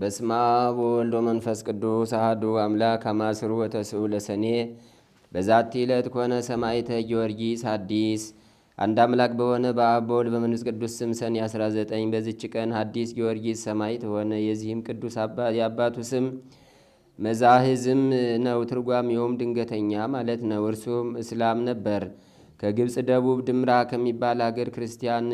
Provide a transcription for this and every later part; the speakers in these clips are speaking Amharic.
በስመ አብ ወወልድ ወመንፈስ ቅዱስ አሐዱ አምላክ አማስሩ ወተስዑ ለሰኔ በዛቲ ዕለት ኮነ ሰማዕተ ጊዮርጊስ ሐዲስ። አንድ አምላክ በሆነ በአብ በወልድ በመንፈስ ቅዱስ ስም ሰኔ 19 በዚች ቀን ሐዲስ ጊዮርጊስ ሰማዕት ሆነ። የዚህም ቅዱስ የአባቱ ስም መዛህዝም ነው። ትርጓሜውም ድንገተኛ ማለት ነው። እርሱም እስላም ነበር። ከግብፅ ደቡብ ድምራ ከሚባል አገር ክርስቲያን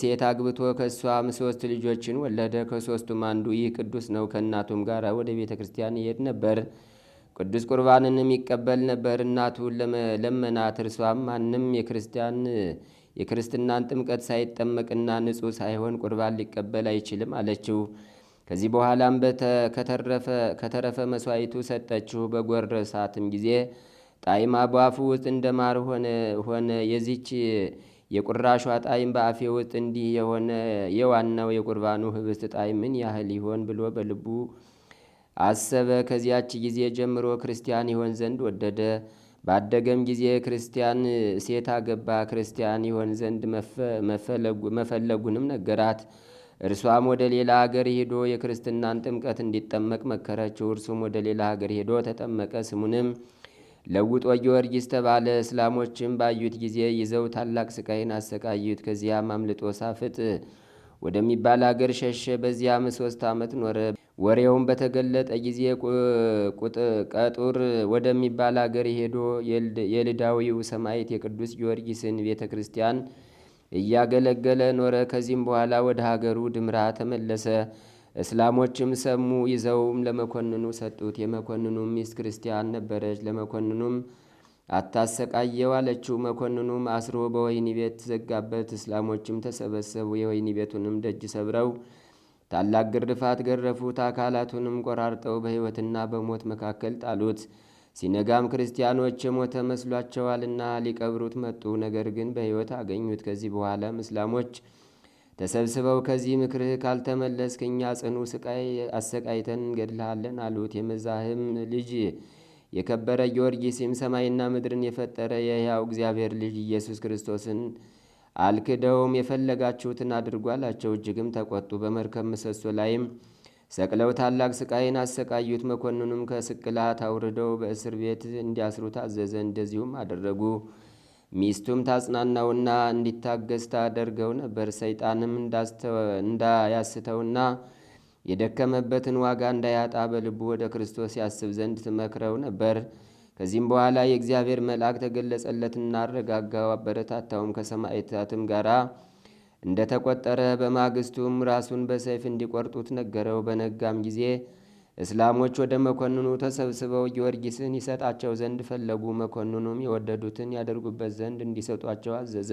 ሴት አግብቶ ከእሷም ሶስት ልጆችን ወለደ። ከሶስቱም አንዱ ይህ ቅዱስ ነው። ከእናቱም ጋር ወደ ቤተ ክርስቲያን ይሄድ ነበር፣ ቅዱስ ቁርባንንም ይቀበል ነበር። እናቱ ለመናት። እርሷም ማንም የክርስቲያን የክርስትናን ጥምቀት ሳይጠመቅና ንጹሕ ሳይሆን ቁርባን ሊቀበል አይችልም አለችው። ከዚህ በኋላም ከተረፈ መስዋዕቱ ሰጠችው። በጎረሳትም ጊዜ ጣይማ በአፉ ውስጥ እንደ ማር ሆነ። የዚች የቁራሿ ጣዕም በአፌ ውስጥ እንዲህ የሆነ የዋናው የቁርባኑ ህብስት ጣዕም ምን ያህል ይሆን ብሎ በልቡ አሰበ። ከዚያች ጊዜ ጀምሮ ክርስቲያን ይሆን ዘንድ ወደደ። ባደገም ጊዜ ክርስቲያን ሴት አገባ። ክርስቲያን ይሆን ዘንድ መፈለጉንም ነገራት። እርሷም ወደ ሌላ ሀገር ሄዶ የክርስትናን ጥምቀት እንዲጠመቅ መከረችው። እርሱም ወደ ሌላ ሀገር ሄዶ ተጠመቀ። ስሙንም ለውጦ ጊዮርጊስ ተባለ። እስላሞችም ባዩት ጊዜ ይዘው ታላቅ ስቃይን አሰቃዩት። ከዚያም አምልጦ ሳፍጥ ወደሚባል አገር ሸሸ። በዚያም ሶስት ዓመት ኖረ። ወሬውም በተገለጠ ጊዜ ቀጡር ወደሚባል አገር ሄዶ የልዳዊው ሰማዕት የቅዱስ ጊዮርጊስን ቤተ ክርስቲያን እያገለገለ ኖረ። ከዚህም በኋላ ወደ ሀገሩ ድምራ ተመለሰ። እስላሞችም ሰሙ። ይዘውም ለመኮንኑ ሰጡት። የመኮንኑም ሚስት ክርስቲያን ነበረች። ለመኮንኑም አታሰቃየው አለችው። መኮንኑም አስሮ በወህኒ ቤት ዘጋበት። እስላሞችም ተሰበሰቡ። የወህኒ ቤቱንም ደጅ ሰብረው ታላቅ ግርፋት ገረፉት። አካላቱንም ቆራርጠው በሕይወትና በሞት መካከል ጣሉት። ሲነጋም ክርስቲያኖች የሞተ መስሏቸዋልና ሊቀብሩት መጡ። ነገር ግን በሕይወት አገኙት። ከዚህ በኋላም እስላሞች ተሰብስበው ከዚህ ምክርህ ካልተመለስክ እኛ ጽኑ ስቃይ አሰቃይተን እንገድልሃለን አሉት። የመዛህም ልጅ የከበረ ጊዮርጊስም ሰማይና ምድርን የፈጠረ የሕያው እግዚአብሔር ልጅ ኢየሱስ ክርስቶስን አልክደውም፣ የፈለጋችሁትን አድርጉ አላቸው። እጅግም ተቆጡ። በመርከብ ምሰሶ ላይም ሰቅለው ታላቅ ስቃይን አሰቃዩት። መኮንኑም ከስቅላት አውርደው በእስር ቤት እንዲያስሩ ታዘዘ። እንደዚሁም አደረጉ። ሚስቱም ታጽናናውና እንዲታገስ ታደርገው ነበር። ሰይጣንም እንዳያስተውና የደከመበትን ዋጋ እንዳያጣ በልቡ ወደ ክርስቶስ ያስብ ዘንድ ትመክረው ነበር። ከዚህም በኋላ የእግዚአብሔር መልአክ ተገለጸለትና አረጋጋው፣ አበረታታውም። ከሰማዕታትም ጋራ እንደተቆጠረ በማግስቱም ራሱን በሰይፍ እንዲቆርጡት ነገረው። በነጋም ጊዜ እስላሞች ወደ መኮንኑ ተሰብስበው ጊዮርጊስን ይሰጣቸው ዘንድ ፈለጉ። መኮንኑም የወደዱትን ያደርጉበት ዘንድ እንዲሰጧቸው አዘዘ።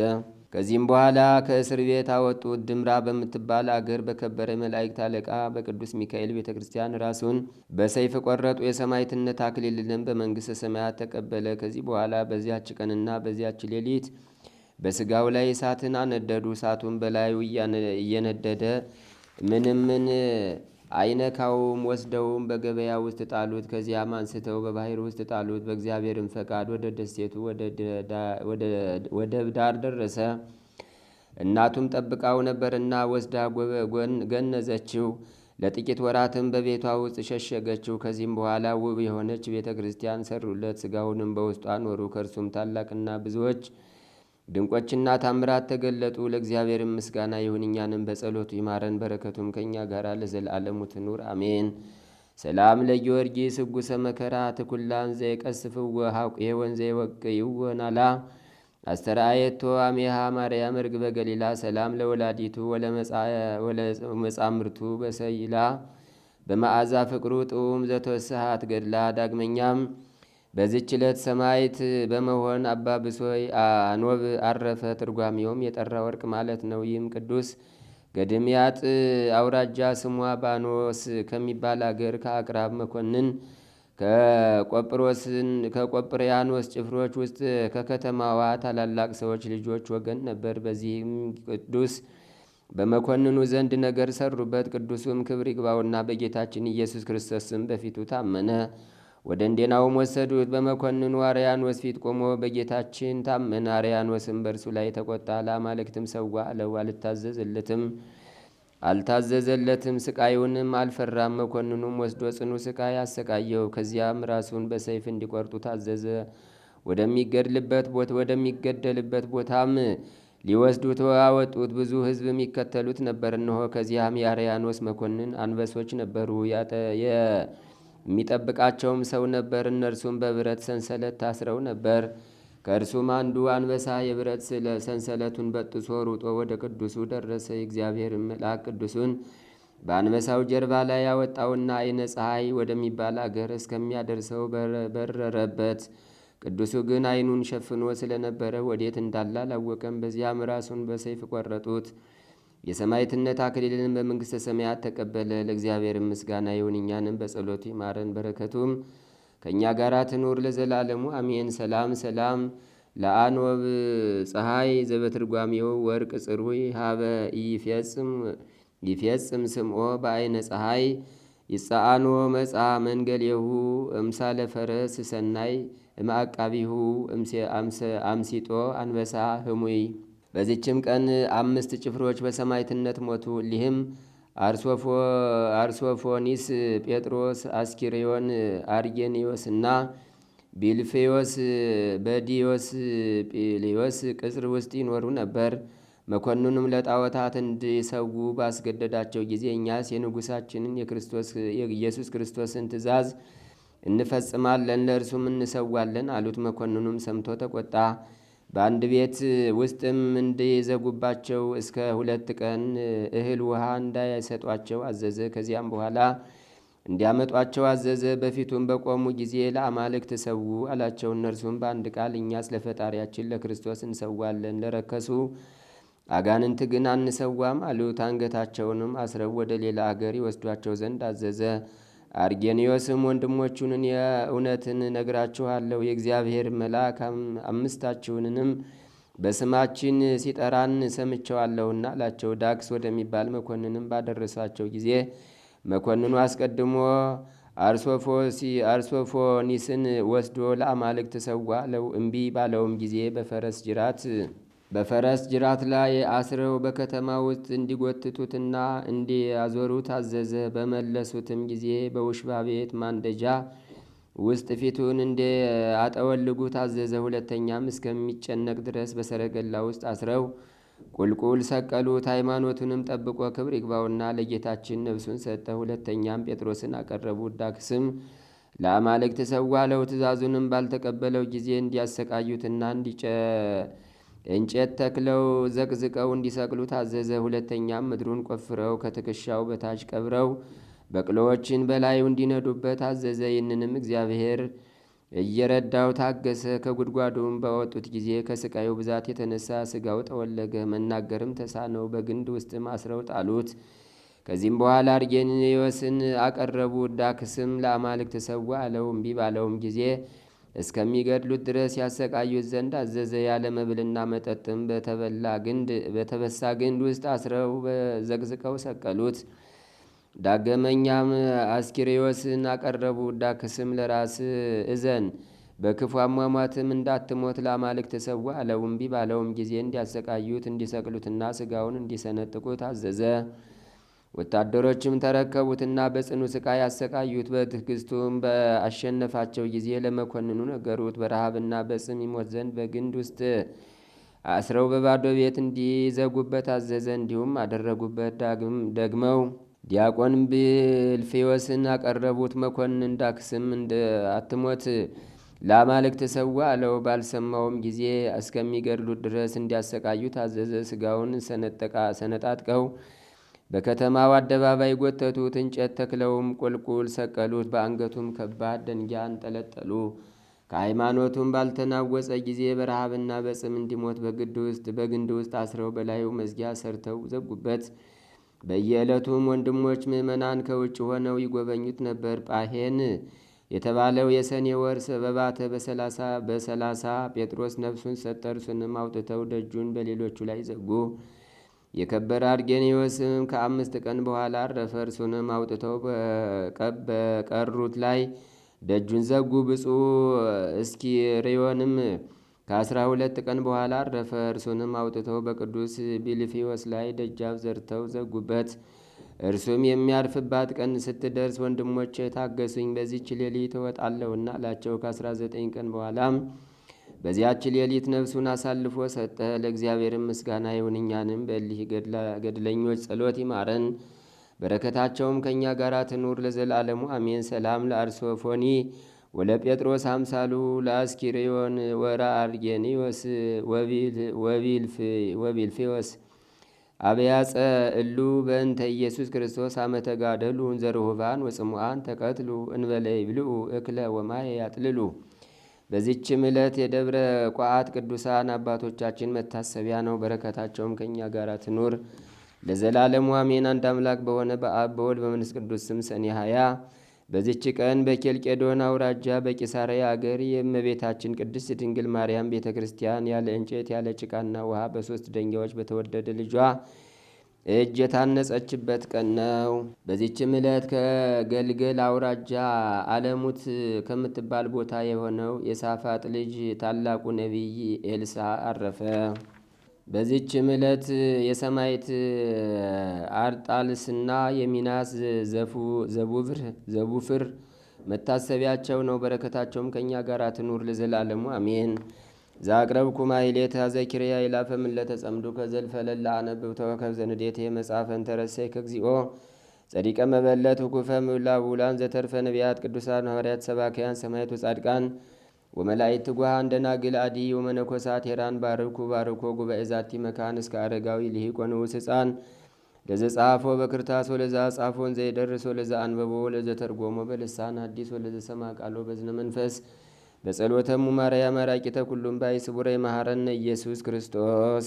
ከዚህም በኋላ ከእስር ቤት አወጡት። ድምራ በምትባል አገር በከበረ መላእክት አለቃ በቅዱስ ሚካኤል ቤተ ክርስቲያን ራሱን በሰይፍ ቆረጡ። የሰማዕትነት አክሊልንም በመንግሥተ ሰማያት ተቀበለ። ከዚህ በኋላ በዚያች ቀንና በዚያች ሌሊት በስጋው ላይ እሳትን አነደዱ። እሳቱን በላዩ እየነደደ ምንም ምን አይነካውም። ወስደውም በገበያ ውስጥ ጣሉት። ከዚያም አንስተው በባህር ውስጥ ጣሉት። በእግዚአብሔርም ፈቃድ ወደ ደሴቱ ወደብ ዳር ደረሰ። እናቱም ጠብቃው ነበርና ወስዳ ገነዘችው። ለጥቂት ወራትም በቤቷ ውስጥ ሸሸገችው። ከዚህም በኋላ ውብ የሆነች ቤተ ክርስቲያን ሰሩለት። ስጋውንም በውስጧ ኖሩ ከእርሱም ታላቅና ብዙዎች ድንቆችና ታምራት ተገለጡ። ለእግዚአብሔር ምስጋና ይሁን፣ እኛንም በጸሎቱ ይማረን፣ በረከቱም ከእኛ ጋር ለዘላለሙ ትኑር አሜን። ሰላም ለጊዮርጊስ ሕጉሰ መከራ ትኩላን ዘይቀስፍወ ሀቁየ ወንዘይ ይወናላ አስተራየቶ አሜሃ ማርያም እርግ በገሊላ ሰላም ለወላዲቱ ወለመጻምርቱ በሰይላ በመዓዛ ፍቅሩ ጥዑም ዘተወስሃት ገድላ ዳግመኛም በዚች ዕለት ሰማይት በመሆን አባ ብሶይ አኖብ አረፈ። ትርጓሚውም የጠራ ወርቅ ማለት ነው። ይህም ቅዱስ ገድምያጥ አውራጃ ስሟ ባኖስ ከሚባል አገር ከአቅራብ መኮንን ከቆጵሪያኖስ ጭፍሮች ውስጥ ከከተማዋ ታላላቅ ሰዎች ልጆች ወገን ነበር። በዚህም ቅዱስ በመኮንኑ ዘንድ ነገር ሰሩበት። ቅዱሱም ክብር ይግባውና በጌታችን ኢየሱስ ክርስቶስም በፊቱ ታመነ። ወደ እንዴናውም ወሰዱት። በመኮንኑ አርያኖስ ፊት ቆሞ በጌታችን ታመን። አርያኖስም በእርሱ ላይ ተቆጣ። ለአማልክትም ሰዋ አለው። አልታዘዘለትም አልታዘዘለትም ስቃዩንም አልፈራም። መኮንኑም ወስዶ ጽኑ ስቃይ አሰቃየው። ከዚያም ራሱን በሰይፍ እንዲቆርጡ ታዘዘ። ወደሚገድልበት ቦታ ወደሚገደልበት ቦታም ሊወስዱት አወጡት። ብዙ ሕዝብ የሚከተሉት ነበር። እንሆ ከዚያም የአርያኖስ መኮንን አንበሶች ነበሩ። የሚጠብቃቸውም ሰው ነበር። እነርሱም በብረት ሰንሰለት ታስረው ነበር። ከእርሱም አንዱ አንበሳ የብረት ስለ ሰንሰለቱን በጥሶ ሩጦ ወደ ቅዱሱ ደረሰ። የእግዚአብሔር መልአክ ቅዱሱን በአንበሳው ጀርባ ላይ ያወጣውና አይነ ፀሐይ ወደሚባል አገር እስከሚያደርሰው በረረበት። ቅዱሱ ግን አይኑን ሸፍኖ ስለነበረ ወዴት እንዳለ አላወቀም። በዚያም ራሱን በሰይፍ ቆረጡት። የሰማዕትነት አክሊልን በመንግሥተ ሰማያት ተቀበለ። ለእግዚአብሔር ምስጋና ይሁን፣ እኛንም በጸሎቱ ይማረን፣ በረከቱም ከእኛ ጋር ትኑር ለዘላለሙ አሜን። ሰላም ሰላም ለአንወብ ፀሐይ ዘበትርጓሜው ወርቅ ጽሩይ ሀበ ይፌጽም ስምኦ በአይነ ፀሐይ ይፀአኖ መንገል መንገሌሁ እምሳለ ፈረስ ሰናይ እማአቃቢሁ አምሲጦ አንበሳ ህሙይ በዚችም ቀን አምስት ጭፍሮች በሰማይትነት ሞቱ። ሊህም አርሶፎኒስ፣ ጴጥሮስ፣ አስኪሬዮን፣ አርጌኒዮስ እና ቢልፌዮስ በዲዮስ ጲሌዮስ ቅጽር ውስጥ ይኖሩ ነበር። መኮንኑም ለጣዖታት እንዲሰዉ ባስገደዳቸው ጊዜ እኛስ የንጉሳችንን የኢየሱስ ክርስቶስን ትእዛዝ እንፈጽማለን፣ ለእርሱም እንሰዋለን አሉት። መኮንኑም ሰምቶ ተቆጣ። በአንድ ቤት ውስጥም እንደዘጉባቸው እስከ ሁለት ቀን እህል ውሃ እንዳይሰጧቸው አዘዘ። ከዚያም በኋላ እንዲያመጧቸው አዘዘ። በፊቱም በቆሙ ጊዜ ለአማልክት ሰዉ አላቸው። እነርሱም በአንድ ቃል እኛስ ለፈጣሪያችን ለክርስቶስ እንሰዋለን፣ ለረከሱ አጋንንት ግን አንሰዋም አሉት። አንገታቸውንም አስረው ወደ ሌላ አገር ይወስዷቸው ዘንድ አዘዘ። አርጌኒዮስም ወንድሞቹን የእውነትን ነግራችኋለሁ፣ የእግዚአብሔር መልአክ አምስታችሁንንም በስማችን ሲጠራን ሰምቸዋለሁና አላቸው። ዳክስ ወደሚባል መኮንንም ባደረሳቸው ጊዜ መኮንኑ አስቀድሞ አርሶፎኒስን ወስዶ ለአማልክት ተሰዋ አለው። እምቢ ባለውም ጊዜ በፈረስ ጅራት በፈረስ ጅራት ላይ አስረው በከተማ ውስጥ እንዲጎትቱትና እንዲያዞሩት አዘዘ። በመለሱትም ጊዜ በውሽባ ቤት ማንደጃ ውስጥ ፊቱን እንደ አጠወልጉት አዘዘ። ሁለተኛም እስከሚጨነቅ ድረስ በሰረገላ ውስጥ አስረው ቁልቁል ሰቀሉት። ሃይማኖቱንም ጠብቆ ክብር ይግባውና ለጌታችን ነብሱን ሰጠ። ሁለተኛም ጴጥሮስን አቀረቡ ዳክስም ለአማልክት ሰዋለው። ትእዛዙንም ባልተቀበለው ጊዜ እንዲያሰቃዩትና እንዲጨ እንጨት ተክለው ዘቅዝቀው እንዲሰቅሉ ታዘዘ። ሁለተኛም ምድሩን ቆፍረው ከትከሻው በታች ቀብረው በቅሎዎችን በላዩ እንዲነዱበት አዘዘ ይህንንም እግዚአብሔር እየረዳው ታገሰ። ከጉድጓዱም ባወጡት ጊዜ ከስቃዩ ብዛት የተነሳ ስጋው ጠወለገ፣ መናገርም ተሳነው። በግንድ ውስጥም አስረው ጣሉት። ከዚህም በኋላ አርጌንዮስን አቀረቡ። ዳክስም ለአማልክት ሰዋ አለው። እምቢ ባለውም ጊዜ እስከሚገድሉት ድረስ ያሰቃዩት ዘንድ አዘዘ። ያለ መብልና መጠጥም በተበላ ግንድ በተበሳ ግንድ ውስጥ አስረው በዘግዝቀው ሰቀሉት። ዳገመኛም አስኪሪዮስን አቀረቡ። ዳክስም ለራስ እዘን በክፉ አሟሟትም እንዳትሞት ለአማልክት ተሰዋ አለው። እምቢ ባለውም ጊዜ እንዲያሰቃዩት እንዲሰቅሉትና ስጋውን እንዲሰነጥቁት አዘዘ። ወታደሮችም ተረከቡትና በጽኑ ስቃይ ያሰቃዩት። በትዕግስቱም በአሸነፋቸው ጊዜ ለመኮንኑ ነገሩት። በረሃብና በጽም ይሞት ዘንድ በግንድ ውስጥ አስረው በባዶ ቤት እንዲዘጉበት አዘዘ። እንዲሁም አደረጉበት። ደግመው ዲያቆን ብልፌዎስን አቀረቡት። መኮንን እንዳክስም አትሞት ለአማልክት ሰዋ አለው። ባልሰማውም ጊዜ እስከሚገድሉት ድረስ እንዲያሰቃዩት አዘዘ። ስጋውን ሰነጣጥቀው በከተማው አደባባይ ጎተቱት፣ እንጨት ተክለውም ቁልቁል ሰቀሉት። በአንገቱም ከባድ ደንጊያ አንጠለጠሉ። ከሃይማኖቱም ባልተናወፀ ጊዜ በረሃብና በጽም እንዲሞት በግድ ውስጥ በግንድ ውስጥ አስረው በላዩ መዝጊያ ሰርተው ዘጉበት። በየዕለቱም ወንድሞች ምዕመናን ከውጭ ሆነው ይጎበኙት ነበር። ጳሄን የተባለው የሰኔ ወር ሰበባተ በሰላሳ በሰላሳ ጴጥሮስ ነፍሱን ሰጠ። እርሱንም አውጥተው ደጁን በሌሎቹ ላይ ዘጉ። የከበረ አርጌኔዎስም ከአምስት ቀን በኋላ አረፈ። እርሱንም አውጥተው በቀሩት ላይ ደጁን ዘጉ። ብፁዕ እስኪሬዮንም ከአስራ ሁለት ቀን በኋላ አረፈ። እርሱንም አውጥተው በቅዱስ ቢልፊዎስ ላይ ደጃፍ ዘርተው ዘጉበት። እርሱም የሚያርፍባት ቀን ስትደርስ ወንድሞቼ ታገሱኝ፣ በዚች ሌሊት እወጣለሁና አላቸው። ከአስራ ዘጠኝ ቀን በኋላም በዚያች ሌሊት ነፍሱን አሳልፎ ሰጠ። ለእግዚአብሔርም ምስጋና ይሁን፣ እኛንም በእሊህ ገድለኞች ጸሎት ይማረን፣ በረከታቸውም ከእኛ ጋር ትኑር ለዘላለሙ አሜን። ሰላም ለአርሶፎኒ ጴጥሮስ አምሳሉ ለአስኪሪዮን ወራ አርጌኒዮስ ወቢልፌዎስ አብያጸ እሉ በእንተ ኢየሱስ ክርስቶስ ጋደሉ እንዘርሁባን ወጽሙአን ተቀትሉ እንበለይ ብልኡ እክለ ወማየ ያጥልሉ በዚችም ዕለት የደብረ ቋአት ቅዱሳን አባቶቻችን መታሰቢያ ነው። በረከታቸውም ከእኛ ጋር ትኑር ለዘላለሙ አሜን። አንድ አምላክ በሆነ በአብ በወልድ በመንፈስ ቅዱስ ስም ሰኔ ሀያ በዚች ቀን በኬልቄዶን አውራጃ በቂሳርያ አገር የእመቤታችን ቅድስት ድንግል ማርያም ቤተ ክርስቲያን ያለ እንጨት ያለ ጭቃና ውሃ በሦስት ደንጊያዎች በተወደደ ልጇ እጅ የታነጸችበት ቀን ነው። በዚችም ዕለት ከገልገል አውራጃ አለሙት ከምትባል ቦታ የሆነው የሳፋጥ ልጅ ታላቁ ነቢይ ኤልሳ አረፈ። በዚችም ዕለት የሰማይት አርጣልስና የሚናስ ዘቡፍር ዘቡፍር መታሰቢያቸው ነው። በረከታቸውም ከእኛ ጋር ትኑር ለዘላለሙ አሜን። ዛቅረብኩ ማይሌተ ዘኪርያ ይላፈም ለተጸምዱ ከዘልፈ ለላ አነብብ ተወከብ ዘንዴቴ መጽሐፈን ተረሰይ ከግዚኦ ጸዲቀ መበለት ውኩፈ ምላ ውላን ዘተርፈ ነቢያት ቅዱሳን ሐዋርያት ሰባክያን ሰማዕቱ ጻድቃን ወመላእክት ትጓሃን ደናግል አዲ ወመነኮሳት ሄራን ባርኩ ባርኮ ጉባኤ ዛቲ መካን እስከ አረጋዊ ልሂቆ ንዑስ ሕፃን ለዘ ጻፎ በክርታስ ወለዛ ጻፎን ዘይደርስ ወለዛ አንበቦ ለዘ ተርጎሞ በልሳን አዲስ ወለዘ ሰማ ቃሎ በዝነ መንፈስ በጸሎተሙ ማርያም አራቂተ ኩሉም ባይ ስቡረ መሐረነ ኢየሱስ ክርስቶስ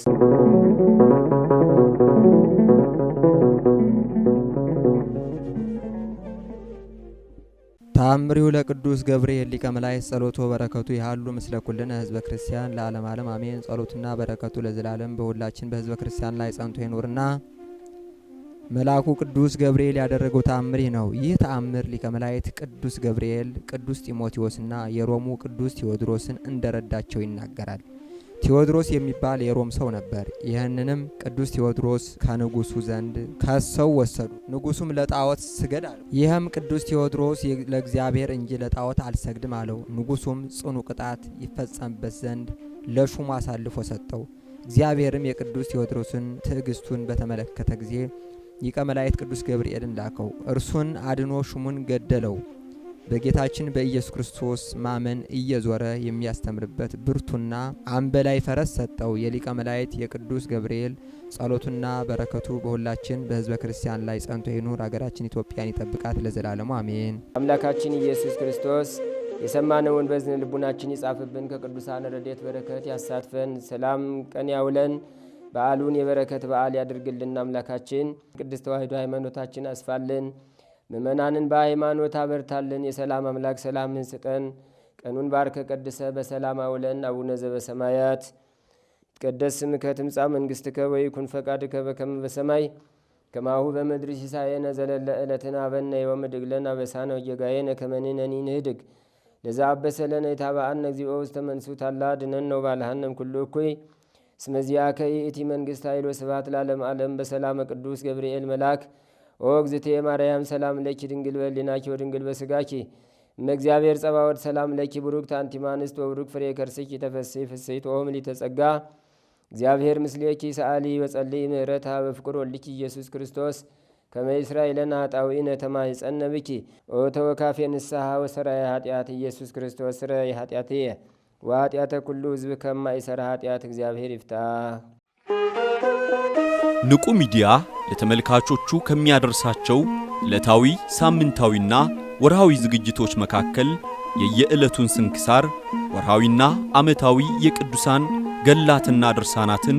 ታምሪው ለቅዱስ ገብርኤል ሊቀ መላእክት ጸሎቶ በረከቱ ያሉ ምስለ ኩልነ ህዝበ ክርስቲያን ለዓለም ዓለም አሜን። ጸሎትና በረከቱ ለዘላለም በሁላችን በህዝበ ክርስቲያን ላይ ጸንቶ ይኑርና መልአኩ ቅዱስ ገብርኤል ያደረገው ተአምር ይህ ነው። ይህ ተአምር ሊቀ መላእክት ቅዱስ ገብርኤል ቅዱስ ጢሞቴዎስና የሮሙ ቅዱስ ቴዎድሮስን እንደረዳቸው ይናገራል። ቴዎድሮስ የሚባል የሮም ሰው ነበር። ይህንንም ቅዱስ ቴዎድሮስ ከንጉሱ ዘንድ ከሰው ወሰዱ። ንጉሱም ለጣዖት ስገድ አለው። ይህም ቅዱስ ቴዎድሮስ ለእግዚአብሔር እንጂ ለጣዖት አልሰግድም አለው። ንጉሱም ጽኑ ቅጣት ይፈጸምበት ዘንድ ለሹሙ አሳልፎ ሰጠው። እግዚአብሔርም የቅዱስ ቴዎድሮስን ትዕግስቱን በተመለከተ ጊዜ ሊቀ መላእክት ቅዱስ ገብርኤልን ላከው። እርሱን አድኖ ሹሙን ገደለው። በጌታችን በኢየሱስ ክርስቶስ ማመን እየዞረ የሚያስተምርበት ብርቱና አንበላይ ፈረስ ሰጠው። የሊቀ መላእክት የቅዱስ ገብርኤል ጸሎቱና በረከቱ በሁላችን በሕዝበ ክርስቲያን ላይ ጸንቶ ይኑር። አገራችን ኢትዮጵያን ይጠብቃት ለዘላለሙ አሜን። አምላካችን ኢየሱስ ክርስቶስ የሰማነውን በዝን ልቡናችን ይጻፍብን፣ ከቅዱሳን ረድኤት በረከት ያሳትፈን፣ ሰላም ቀን ያውለን። በዓሉን የበረከት በዓል ያድርግልን። አምላካችን ቅድስት ተዋሕዶ ሃይማኖታችን አስፋልን፣ ምእመናንን በሃይማኖት አበርታልን። የሰላም አምላክ ሰላምን ስጠን። ቀኑን ባርከ ቀድሰ በሰላም አውለን። አቡነ ዘበሰማያት ይትቀደስ ስምከ ትምጻእ መንግሥትከ ወይኩን ፈቃድከ በከመ በሰማይ ከማሁ በምድር ሲሳየነ ዘለለ ዕለትነ ሀበነ ዮም ወኅድግ ለነ አበሳነ ወጌጋየነ ከመ ንሕነኒ ንኅድግ ለዘ አበሰ ለነ ኢታብአነ እግዚኦ ውስተ መንሱት አላ አድኅነነ ወባልሐነ እምኩሉ እኩይ ስመዚያ ከይእቲ መንግስት ኃይሎ ስብሐት ላለም ዓለም በሰላም ቅዱስ ገብርኤል መልአክ ኦ እግዝእቴ ማርያም ሰላም ለኪ ድንግል በሊናኪ ወድንግል በስጋኪ እመእግዚአብሔር ጸባወድ ሰላም ለኪ ብሩክ ታንቲማንስት ወብሩክ ፍሬ ከርስኪ ተፈሴ ፍስሕት ኦም ሊተጸጋ እግዚአብሔር ምስሌኪ ሰአሊ ወጸልይ ምህረታ በፍቅር ወልኪ ኢየሱስ ክርስቶስ ከመይ ይስራኤለን አጣዊነ ተማይጸነ ብኪ ኦ ተወካፌ ንስሐ ወሰራ የኃጢአት ኢየሱስ ክርስቶስ ስረ የኃጢአት እየ ወኃጢአተ ኩሉ ህዝብ ከማይሠራ ኃጢአት እግዚአብሔር ይፍታ። ንቁ ሚዲያ ለተመልካቾቹ ከሚያደርሳቸው ዕለታዊ ሳምንታዊና ወርሃዊ ዝግጅቶች መካከል የየዕለቱን ስንክሳር ወርሃዊና ዓመታዊ የቅዱሳን ገላትና ድርሳናትን